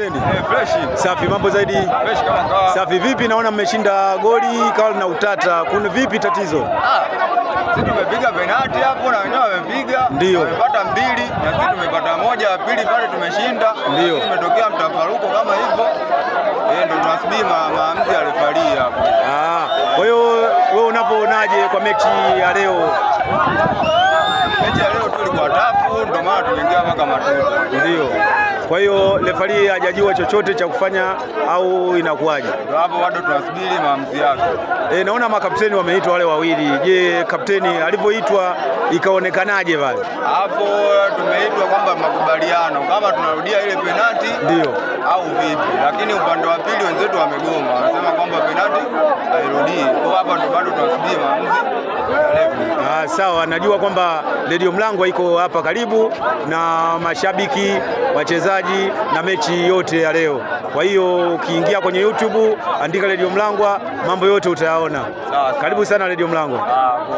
Eh, safi, mambo zaidi safi. Vipi, naona mmeshinda goli kawa na utata, kuna vipi tatizo? Ah, tumepiga penalti hapo na wenyewe wamepiga, ndio tumepata mbili na sisi tumepata moja ya pili pale, tumeshinda ndio tumetokea mtafaruko kama hivyo, eh, ndio tunasubiri maamuzi ya refari hapo. Ah, kwa hiyo wewe unapoonaje kwa mechi ya leo? Mechi ya leo tulikuwa tafu, ndio maana tumeingia mpaka matatu. ndio kwa hiyo lefali hajajua chochote cha kufanya au inakuwaje? Ndio hapo bado tunasubiri maamuzi yake. E, naona makapteni wameitwa wale wawili. Je, kapteni alivyoitwa ikaonekanaje pale? Hapo tumeitwa kwamba makubaliano kama tunarudia ile penati ndio au vipi, lakini upande wa pili wenzetu wamegoma, wanasema kwamba penati hairudii. Kwa hapo bado tunasubiri maamuzi sawa, najua kwamba Redio Mlangwa iko hapa karibu na mashabiki, wachezaji na mechi yote ya leo. Kwa hiyo ukiingia kwenye YouTube andika Redio Mlangwa, mambo yote utayaona. Karibu sana Redio Mlangwa. Ah,